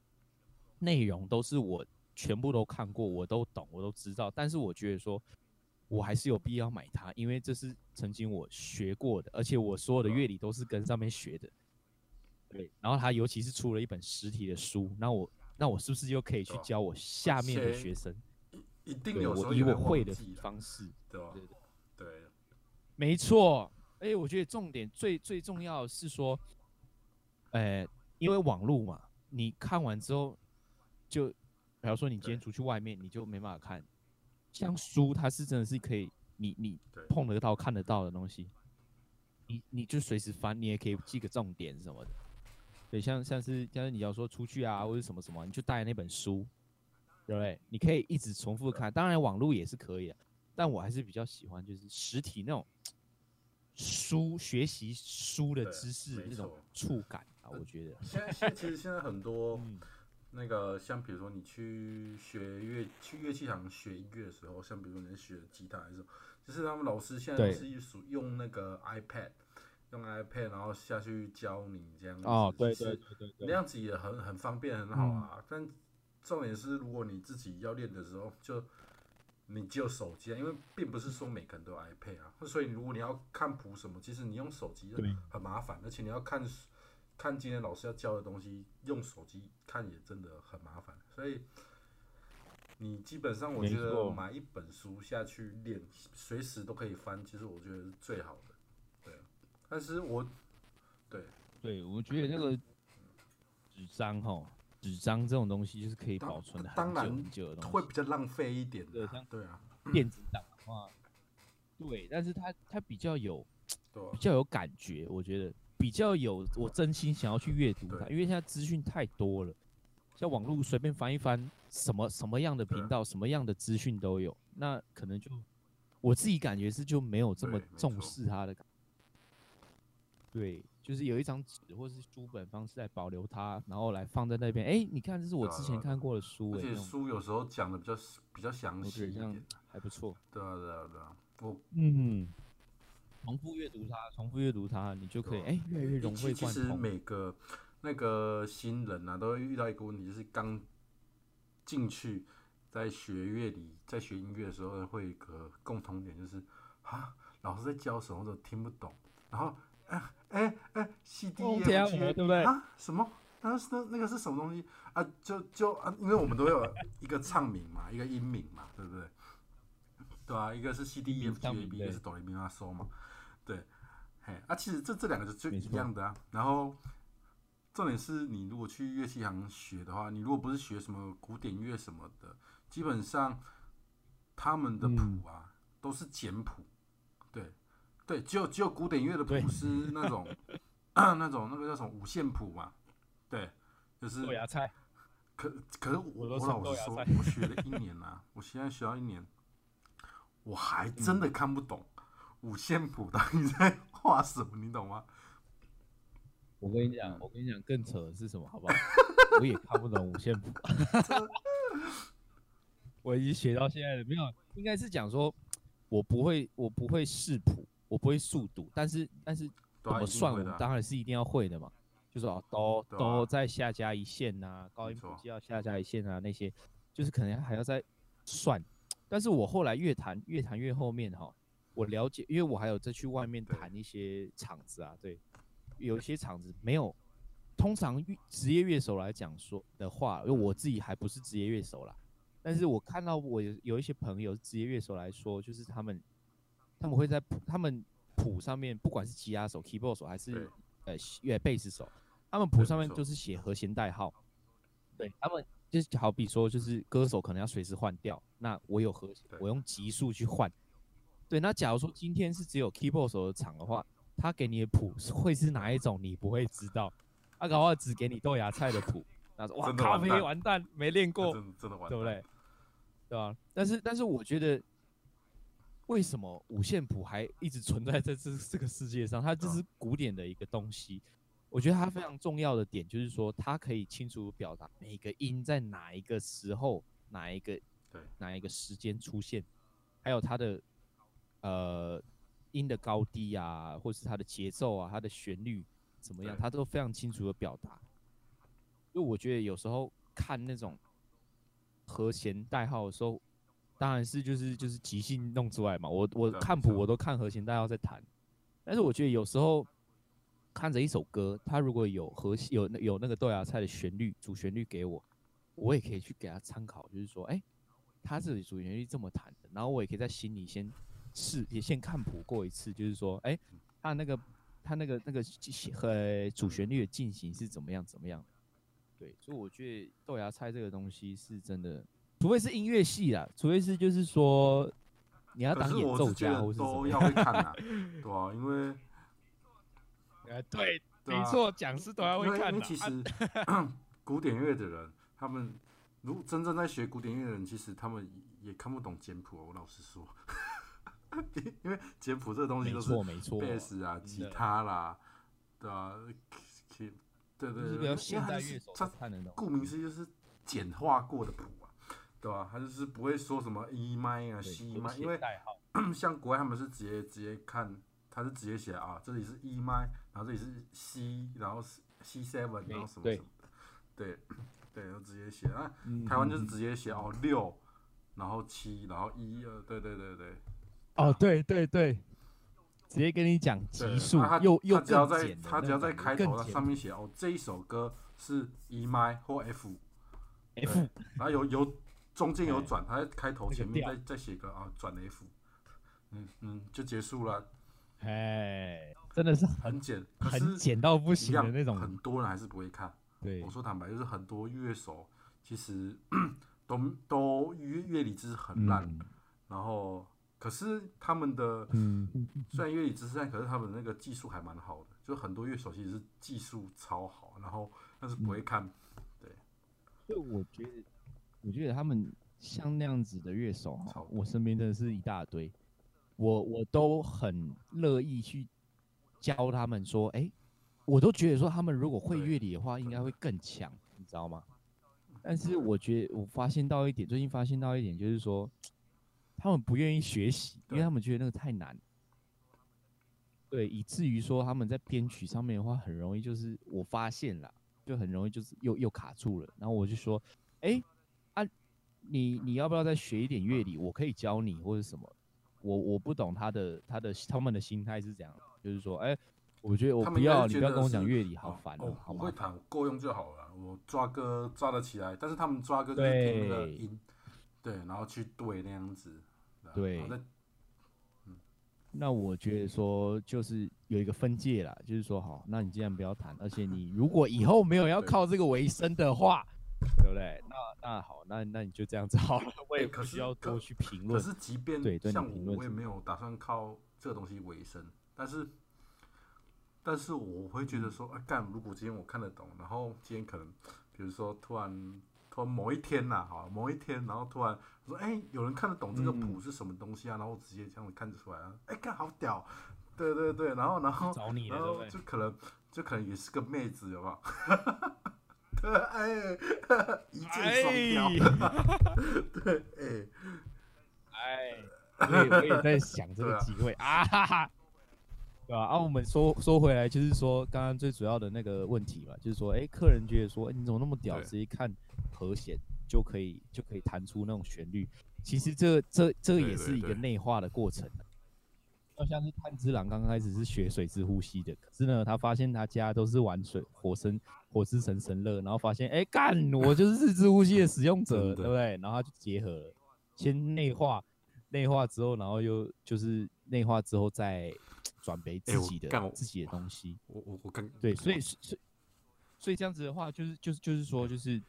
內容都是我全部都看過，我都懂，我都知道。但是我覺得說，我還是有必要買它，因為這是曾經我學過的，而且我所有的樂理都是跟上面學的，對。然後他尤其是出了一本實體的書，那我那我是不是就可以去教我下面的學生？一定有我以我會的方式，對吧？對沒錯，哎、欸，我覺得重點最最重要的是說，呃，因為網絡嘛，你看完之後，就，比方說你今天出去外面，你就沒辦法看。像書，它是真的是可以你，你你碰得到、看得到的東西，你你就隨時翻，你也可以記個重點什麼的。對，像像是，像是你要說出去啊，或者什麼什麼，你就帶那本書，對不對？你可以一直重複看。當然網絡也是可以的，但我還是比較喜歡就是實體那種。書學習書的知識沒錯，那種觸感、啊嗯、我覺得現在現其實現在很多 那個像比如說你去學樂去樂器廠學音樂的時候，像比如說你學吉他的時候，就是他們老師現在是用那個 iPad 用 iPad 然後下去教你這樣子啊，oh, 就是，對，對，對，對對對，那樣子也很很方便很好啊，嗯。但重點是如果你自己要練的時候就。你只有手機啊，因為並不是說每個人都有 iPad 啊，所以如果你要看譜什麼，其實你用手機就很麻煩，而且你要看看今天老師要教的東西，用手機看也真的很麻煩。所以你基本上我覺得我買一本書下去練，隨時都可以翻，其實我覺得是最好的。對，但是我對對我覺得那個紙張哈。紙張這種東西就是可以保存的很久，很久的東西，會比較浪費一點的、啊。像對啊。電子檔的話，對，但是它它比較有、啊，比較有感覺，我覺得比較有我真心想要去閱讀它，因為現在資訊太多了，像網絡隨便翻一翻，什麼什麼樣的頻道、嗯、什麼樣的資訊都有，那可能就我自己感覺是就沒有這麼重視它的，對。就是有一張紙或是書本方式來保留它，然後來放在那邊。哎、欸，你看，這是我之前看過的書、欸啊，而且書有時候講的比較比較詳細，這樣還不錯。對啊，對啊，對啊。我嗯，重複閱讀它，重複閱讀它，你就可以哎、啊，越來越融會貫通。其實每個那個新人呢、啊、都會遇到一個問題，就是剛進去在學樂理、在學音樂的時候，會有一個共同點，就是啊，老師在教什麼都聽不懂，然後。哎哎哎，C D E F G，對不對啊？什麼？那那，那個是什麼東西啊？就就啊，因為我們都有一個唱名嘛， 一個音名嘛，對不對？對啊，一個是 C D E F G A B，一個是哆來咪發嗦嘛。對，嘿、欸，啊，其實這這兩個是最一樣的，啊。然後重點是你如果去樂器行學的話，你如果不是學什麼古典樂什麼的，基本上他們的譜啊、嗯、都是簡譜，對。對，只有只有古典樂的譜師那種， 那種那個叫什麼五線譜嘛，對，就是。豆芽菜，可可我我我是我知道我說，我學了一年了，啊， 我現在學了一年，我還真的看不懂五線譜，到底在畫什麼，你懂嗎？我跟你講，我跟你講，更扯的是什麼，好不好？我也看不懂五線譜， 真的 我已經學到現在了沒有，應該是講說，我不會，我不會視譜。我不會速讀，但是但是怎麼算，我當然是一定要會的嘛。就說、是、啊，都啊都在下加一線吶、啊，高音譜記要下加一線啊，那些就是可能還要再算。但是我後來越彈越彈越後面哈，我了解，因為我還有在去外面彈一些場子啊對。對，有一些場子沒有，通常職業樂手來講說的話，因為我自己還不是職業樂手啦。但是我看到我有有一些朋友職業樂手來說，就是他們。他們會在他們譜上面，不管是吉他手、keyboard 手還是呃原來貝斯手，他們譜上面就是寫和弦代號。對,對他們，就是好比說，就是歌手可能要隨時換調。那我有和弦，我用級數去換。對，那假如說今天是只有 keyboard 手的場的話，他給你的譜是會是哪一種，你不會知道。他、啊、搞不好只給你豆芽菜的譜，那 種哇，咖啡完蛋，沒練過，真的,真的對不對？對啊，但是但是我覺得。為什麼五線譜還一直存在在這這個世界上？它就是古典的一個東西。我覺得它非常重要的點就是說，它可以清楚表達每個音在哪一個時候、哪一個對哪一個時間出現，還有它的呃音的高低啊，或是它的節奏啊、它的旋律怎麼樣，它都非常清楚的表達。因為我覺得有時候看那種和弦代號的時候。當然是就是就是即興弄之外嘛，我我看譜我都看和弦，大家要在彈。但是我覺得有時候看着一首歌，他如果有和弦，有有那個豆芽菜的旋律主旋律給我，我也可以去給他參考，就是說，哎、欸，他這裡主旋律這麼彈的，然後我也可以在心裡先試，也先看譜過一次，就是說，哎、欸，他那個他那個那個和主旋律的進行是怎麼樣怎麼樣的。對，所以我覺得豆芽菜這個東西是真的。除非是音樂系啦，除非是就是說你要當演奏家，都要會看啊。 對啊，因為、啊、對，對啊、沒錯，講師都要會看。其實、啊、 古典樂的人，他們如果真正在學古典樂的人，其實他們也看不懂簡譜、啊。我老實說， 因為簡譜這個東西都是 bass、啊、沒錯，貝斯啊，吉他啦、嗯，對啊，對對對對對，就是、比較現代樂手才懂、啊、他顧、就是、名思義就是簡化過的譜。對啊，他就是不會說什麼 E 麥啊 C 麥，因為像國外他們是直接直接看，他是直接寫啊，這裡是 E 麥，然後這裡是 C，然後是 C seven，然後什麼什麼的對、okay, 對，然後直接寫，那台灣就是直接寫、嗯、哦六，6, 然後七，然後一二，對對對對，哦、oh, 啊、對對對，直接跟你講級數，又又他只要在他只要在開頭上面寫哦，這一首歌是 E 麥或 F，F， 然後有有。中間有轉，他在開頭前面再再寫、那個,個啊轉 F，嗯嗯就結束了，哎真的是很,很簡，可是簡到不行的那種，很多人還是不會看。對，我說坦白就是很多樂手其實 都都樂樂理知識很爛、嗯，然後可是他們的、嗯、雖然樂理知識但可是他們那個技術還蠻好的，就是很多樂手其實是技術超好，然後但是不會看，嗯、對。所以我覺得。我覺得他們像那樣子的樂手，我身邊真的是一大堆，我我都很樂意去教他們說，哎，我都覺得說他們如果會樂理的話，應該會更強，你知道嗎？但是我覺得我發現到一點，最近發現到一點就是說，他們不願意學習，因為他們覺得那個太難，對，以至於說他們在編曲上面的話，很容易就是我發現了，就很容易就是又又卡住了，然後我就說，哎。你你要不要再學一點樂理、嗯？我可以教你，或者什麼？我我不懂他的他的他們的心態是怎樣，就是說，哎、欸，我覺得我不要，你不要跟我講樂理，好煩哦。好吧、啊哦？我會彈，夠用就好了，我抓歌抓得起來，但是他們抓歌就是聽那個音對，對，然後去對那樣子。對、嗯。那我覺得說就是有一個分界啦，就是說好，那你既然不要彈，而且你如果以後沒有要靠這個為生的話，對，對不對？那好，那那你就這樣子好了。欸、我也可是要跟我去評論。可是即便像我，我也沒有打算靠這個東西為生。但是，但是我會覺得說，哎、啊、幹，如果今天我看得懂，然後今天可能，比如說突然，突然某一天吶、啊，哈、啊，某一天，然後突然說，哎、欸，有人看得懂這個譜是什麼東西啊？嗯、然後我直接這樣子看得出來啊，哎、欸、幹，好屌！對對對，然後然後找你然後就可能對對對，就可能也是個妹子，有沒有？ 哎，哈哈哎哈哈，哎，哎，我也我也在想這個機會啊，啊哈哈對吧、啊？啊，我們說說回來，就是說剛剛最主要的那個問題嘛，就是說，哎，客人覺得說，你怎麼那麼屌直，直接看和弦就可以就可以彈出那種旋律？其實這這這也是一個內化的過程。對對對像是炭治郎剛開始是學水之呼吸的，可是呢，他發現他家都是玩水火神火之神神樂，然後發現哎幹，我就是日之呼吸的使用者， 對不對？然後他就結合了，先內化，內化之後，然後又就是內化之後再轉為自己的、哎、幹自己的東西。我我我剛對，所以是所，所，所以這樣子的話，就是就是就是說就是，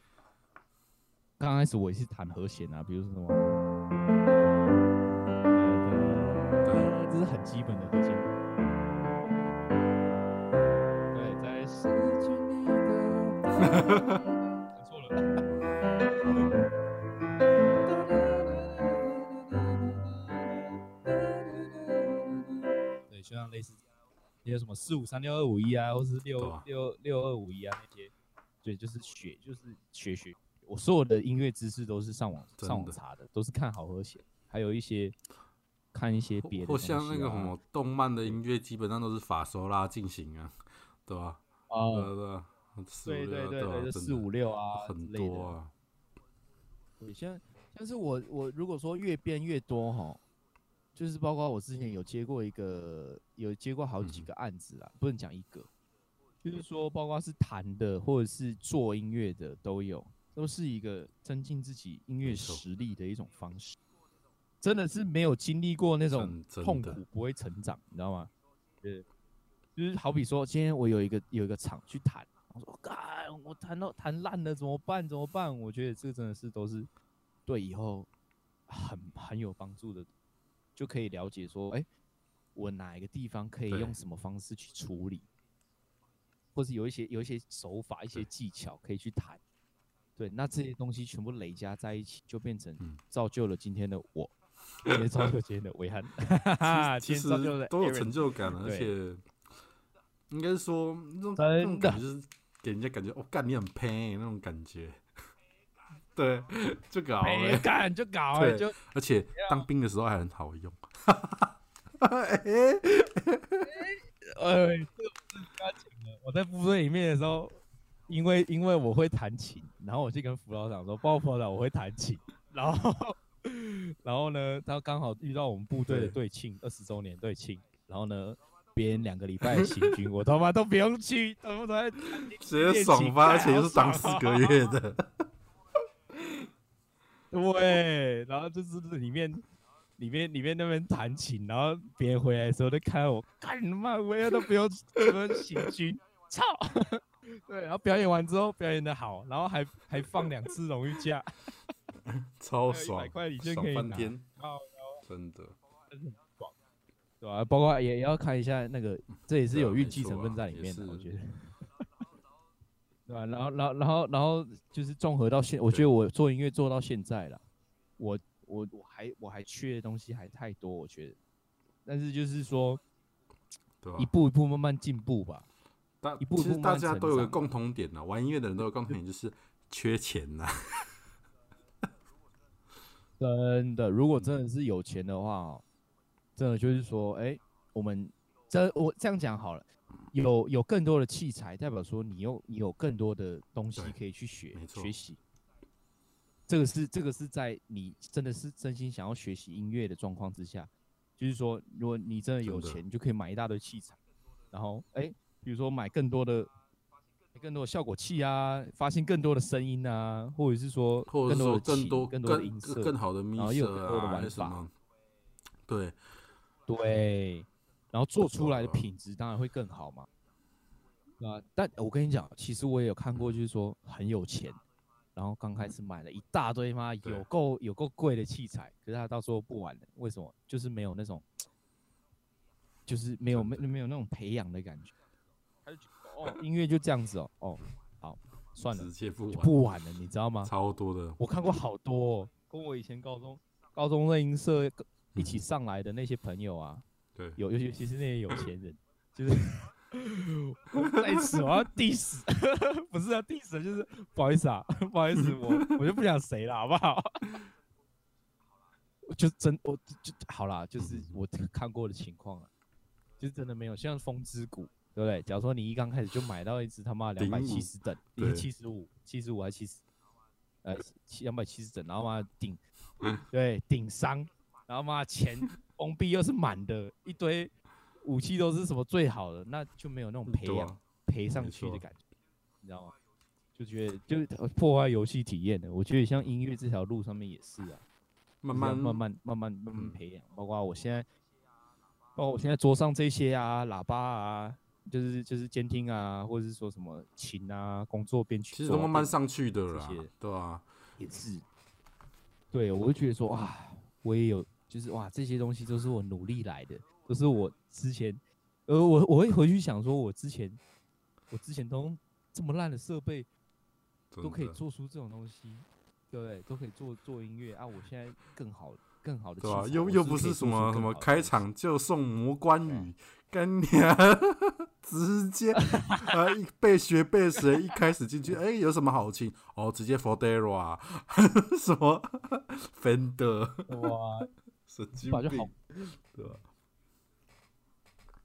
剛開始我也是彈和弦啊，比如說什麼。基本的和弦。對，在17。哈， 哈，哈，唱錯了。對，就像類似這樣，像什麼四五三六二五一啊，或是六六六二五一啊那些，對，就是學，就是學學。我所有的音樂知識都是上網上網查的，都是看好和弦，還有一些。看一些別的、啊，或像那個什麼動漫的音樂，基本上都是法搜拉進行啊，對吧、啊？哦、oh. 啊啊啊，對對對對對，四五六啊，很多啊。對，像，但是我我如果說越編越多哈，就是包括我之前有接過一個，有接過好幾個案子啦、嗯，不能講一個，就是說包括是彈的或者是做音樂的都有，都是一個增進自己音樂實力的一種方式。真的是沒有經歷過那種痛苦，不會成長，你知道嗎？對，就是好比說，今天我有一個有一個場去談、哦，我說：“幹，我談到談爛了，怎麼辦？怎麼辦？”我覺得這真的是都是對以後很很有幫助的，就可以了解說，哎、欸，我哪一個地方可以用什麼方式去處理，或是有一些有一些手法、一些技巧可以去談。對，那這些東西全部累加在一起，就變成造就了今天的我。嗯也超越今天的威漢，其實 都有成就感，啊、而且應該是說那種感覺就是給人家感覺，我幹你很 pain，欸、那種感覺，對，就搞哎，幹就搞哎，欸，就而且當兵的時候還很好用，哎哎，哎，我在部隊裡面的時候，因為因為我會彈琴，然後我去跟輔導長說，報告輔導長我會彈琴，然後。 然後呢，他剛好遇到我們部隊的隊慶二十周年隊慶，然後呢， 別人兩個禮拜行軍， 我他媽都不用去，他， 直 接爽翻，而且又是三四個月的。 對，然後就是裡面 裡面裡面那邊彈琴，然後別人回來的時候都看我，幹什麼，我他媽都不用怎麼 行軍， 操！ 對，然後表演完之後， 表演得好，然後還還放兩次榮譽假。 超爽，可以爽翻天，超爽，真的，對啊，包括也，也要看一下那個，這也是有運氣成分在裡面的。啊啊、我覺得， 對吧、啊？然後，然後，然後，就是綜合到現，我覺得我做音樂做到現在了，我，我，我還，我還缺的東西還太多，我覺得。但是就是說，對啊、一步一步慢慢進步吧。大一步一步慢慢其實大家都有個共同點呢，玩音樂的人都有共同點，就是缺錢吶。 真的，如果真的是有錢的話喔，真的就是說，欸，我們這，我這樣講好了，有有更多的器材，代表說你有你有更多的東西可以去學學習。這個是這個是在你真的是真心想要學習音樂的狀況之下，就是說，如果你真的有錢，你就可以買一大堆器材，然後哎，比如說買更多的。更多的效果器啊，發現更多的聲音啊，或者是說更，更多的、更多、更多的音色、更，更好的音色、啊、更多的玩法、啊是，對，對，然後做出來的品質當然會更好嘛，嗯、啊！但我跟你講，其實我也有看過，就是說很有錢，然後剛開始買了一大堆嘛，有夠有夠貴的器材，可是他到時候不玩了，為什麼？就是沒有那種，就是沒有沒沒有那種培養的感覺。哦，音樂就這樣子哦，哦，好，算了，不晚了，不了，你知道嗎？超多的，我看過好多、哦，跟我以前高中高中的音社一起上來的那些朋友啊，對、嗯，有，尤其，尤其是那些有錢人，就是在此 我，我要 diss， 不是啊，diss 就是不好意思啊，不好意思，我我就不想誰了，好不好？ 就真，我就，就好啦，就是我看過的情況啊，就真的沒有，像《風之谷》。對不對？假如說你一剛開始就買到一隻他媽兩百七十等，也是七十五，七十五還是七十？呃，七兩百七十等，然後媽頂、嗯，對，頂傷，然後媽錢翁 幣又是滿的，一堆武器都是什麼最好的，那就沒有那種培養、培、啊、上去的感覺，你知道嗎？就覺得就、啊、破壞遊戲體驗的。我覺得像音樂這條路上面也是啊，慢慢、就是、慢慢、嗯、慢慢、慢慢培養。包括我現在，包括我現在桌上這些啊，喇叭啊。就是就是監聽啊，或者是說什麼琴啊，工作編曲，其實慢慢上去的啦，對啊也是。對，我會覺得說啊，我也有，就是哇，這些東西都是我努力來的，都是我之前，呃，我我會回去想說，我之前，我之前都這麼爛的設備的，都可以做出這種東西，對不對？都可以做做音樂啊，我現在更好，更好的對吧、啊？又又不是什麼是什麼開場就送魔關羽跟娘。 直接 啊，被學被誰？一開始進去，哎、欸，有什麼好聽？哦，直接 Fodera 啊，什麼 Fender 哇，神經病，對吧？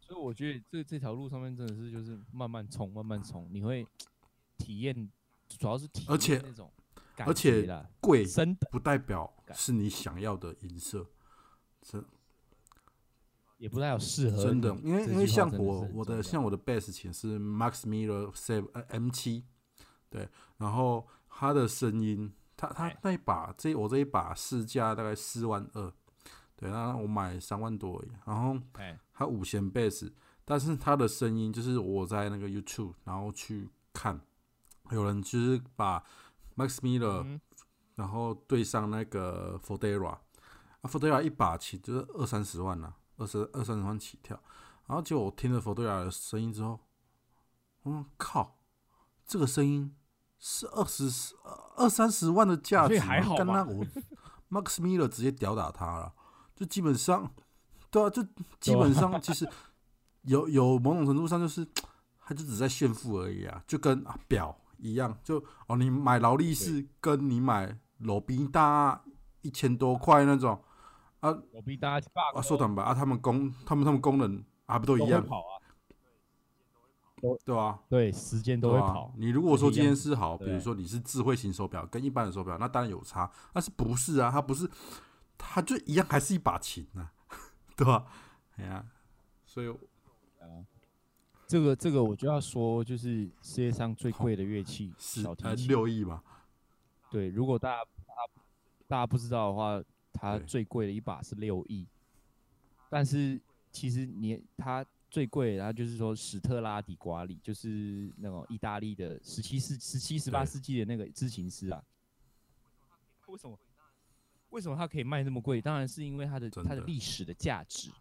所以我覺得這這條路上面真的是就是慢慢衝，慢慢衝，你會體驗，主要是體驗而且貴不代表是你想要的音色，是。也不太有適合、嗯、真的，因為因為像我我的像我的貝斯琴是 Max Miller M 七、呃，M7, 對，然後它的聲音，它它那一把這一我這一把市價大概四萬二，對，那我買三萬多而已，然後它五弦貝斯，但是它的聲音就是我在那個 YouTube 然後去看，有人就是把 Max Miller 然後對上那個 Fodera 啊 Fodera 一把琴就是二三十萬呢、啊。二十二三十萬起跳，然後就我聽了 Fordera 的聲音之後，我說靠，這個聲音是二十二三十萬的價值，跟那我 Max Miller 直接屌打他了，就基本上，對啊，就基本上其實有有某種程度上就是，他就只在炫富而已啊，就跟啊表一樣，就哦你買勞力士，跟你買勞賓大一千多塊那種。啊！我逼大家去、哦、啊！說坦白啊，他們工他們他們功能還不都一樣？都啊，對啊對，時間都會跑、啊都會跑啊。你如果說今天是好，比如說你是智慧型手表，跟一般的手表，那當然有差，那是不是啊？它不是，他就一樣，還是一把琴啊，對吧、啊？哎呀、啊啊，所以、啊、這個這個我就要說，就是世界上最貴的樂器、哦、小提琴是六億吧？對，如果大家大家，大家不知道的話。它最貴的一把是六億，但是其實你它最貴，的，它就是說史特拉迪瓦里，就是那種意大利的十七世、十七十八世紀的那個製琴師啊。為什麼？為什麼它可以賣那麼貴？當然是因為它的它的歷史的價值的。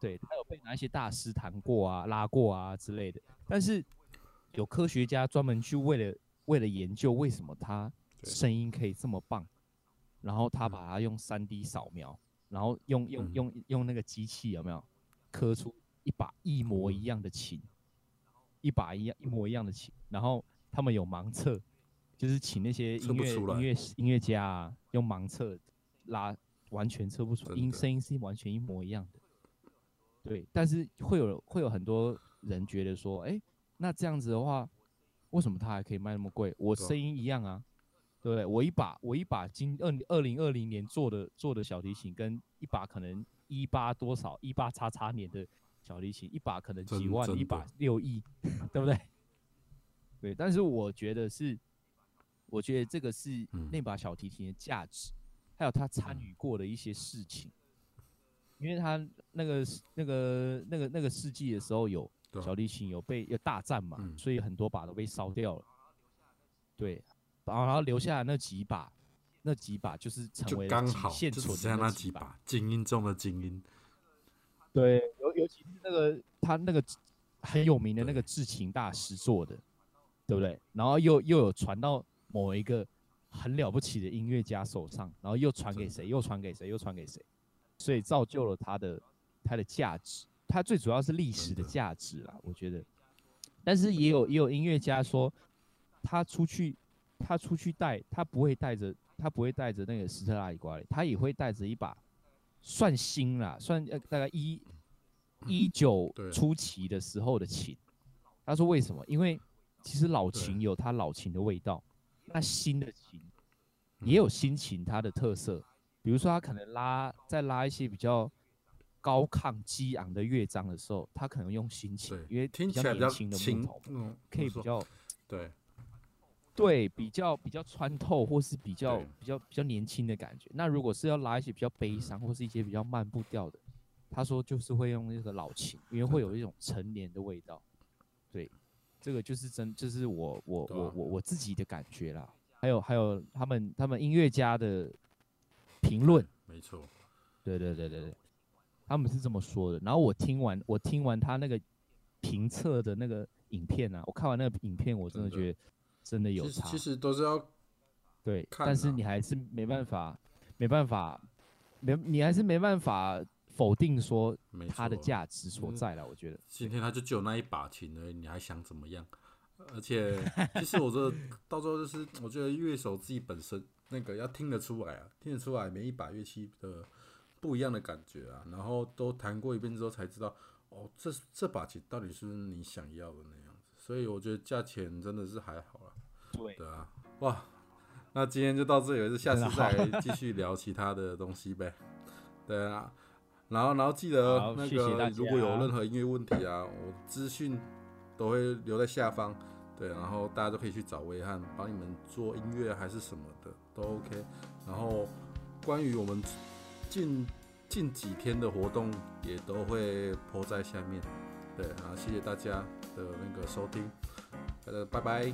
對，它有被哪一些大師彈過啊、拉過啊之類的。但是有科學家專門去為了為了研究為什麼它聲音可以這麼棒。然後他把它用三 D 掃描、嗯，然後用用用、嗯、用那個機器有沒有，刻出一把一模一樣的琴，嗯、一把一樣一模一樣的琴。然後他們有盲測，就是請那些音樂音樂音樂家、啊、用盲測拉，完全測不出音，聲音是完全一模一樣的。對，但是會有會有很多人覺得說，哎、欸，那這樣子的話，為什麼他還可以賣那麼貴、啊？我聲音一樣啊。對不對？我一把我一把今二零二零年做的做的小提琴，跟一把可能一八多少一八叉叉年的小提琴，一把可能幾萬，一把六億， 對不對？對，但是我覺得是，我覺得這個是那把小提琴的價值，嗯、還有他參與過的一些事情，嗯、因為他那個那個那個那個世紀的時候有、啊、小提琴有被有大戰嘛、嗯，所以很多把都被燒掉了，對。然後留下來那幾把，那幾把就是成為剛好現存的那幾把，那幾把精英中的精英。對，尤尤其是那個他那個很有名的那個製琴大師做的對，對不對？然後又又有傳到某一個很了不起的音樂家手上，然後又傳給誰？又傳給誰，又傳給誰？又傳給誰？所以造就了他的他的價值，它最主要是歷史的價值啦，我覺得。但是也有也有音樂家說，他出去。他出去帶，他不會帶着，他不會帶着那個斯特拉里瓜里，他也會帶着一把，算新啦，算、呃、大概一，一、嗯、九初期的時候的琴。他說為什麼？因為其實老琴有他老琴的味道，那新的琴也有新琴它的特色。嗯、比如說他可能拉在拉一些比較高亢激昂的樂章的時候，他可能用新琴，因為聽起來比較輕、嗯，可以比較對。對，比較比較穿透，或是比較比較比較年輕的感覺。那如果是要拉一些比較悲傷或是一些比較慢步調的，他說就是會用那個老琴，因為會有一種陳年的味道。對，這個就是真，就是我我、啊、我我我自己的感覺啦。還有還有他們他們音樂家的評論，沒錯，對對對對，對，他們是這麼說的。然後我聽完我聽完他那個評測的那個影片啊，我看完那個影片，我真的覺得。真的有其實，其實都是要看，啊、對，但是你還是沒辦法，沒辦法，沒你還是沒辦法否定說它的價值所在了。我覺得、嗯、今天他就只有那一把琴而已，你還想怎麼樣？而且其實我這到時候就是，我覺得樂 手自己本身那個要聽得出來啊，聽得出來每一把樂器的不一樣的感覺啊。然後都彈過一遍之後才知道，哦，這這把琴到底是不是你想要的呢？所以我覺得價錢真的是還好了，啊，對啊，哇，那今天就到這裡，下次再繼續聊其他的東西唄。對， 對啊，然後然後記得那個謝謝、啊、如果有任何音樂問題啊，我資訊都會留在下方，對，然後大家都可以去找威翰幫你們做音樂還是什麼的都 OK。然後關於我們近近幾天的活動也都會 po 在下面，對、啊，好，謝謝大家。的那個收聽，呃，拜拜。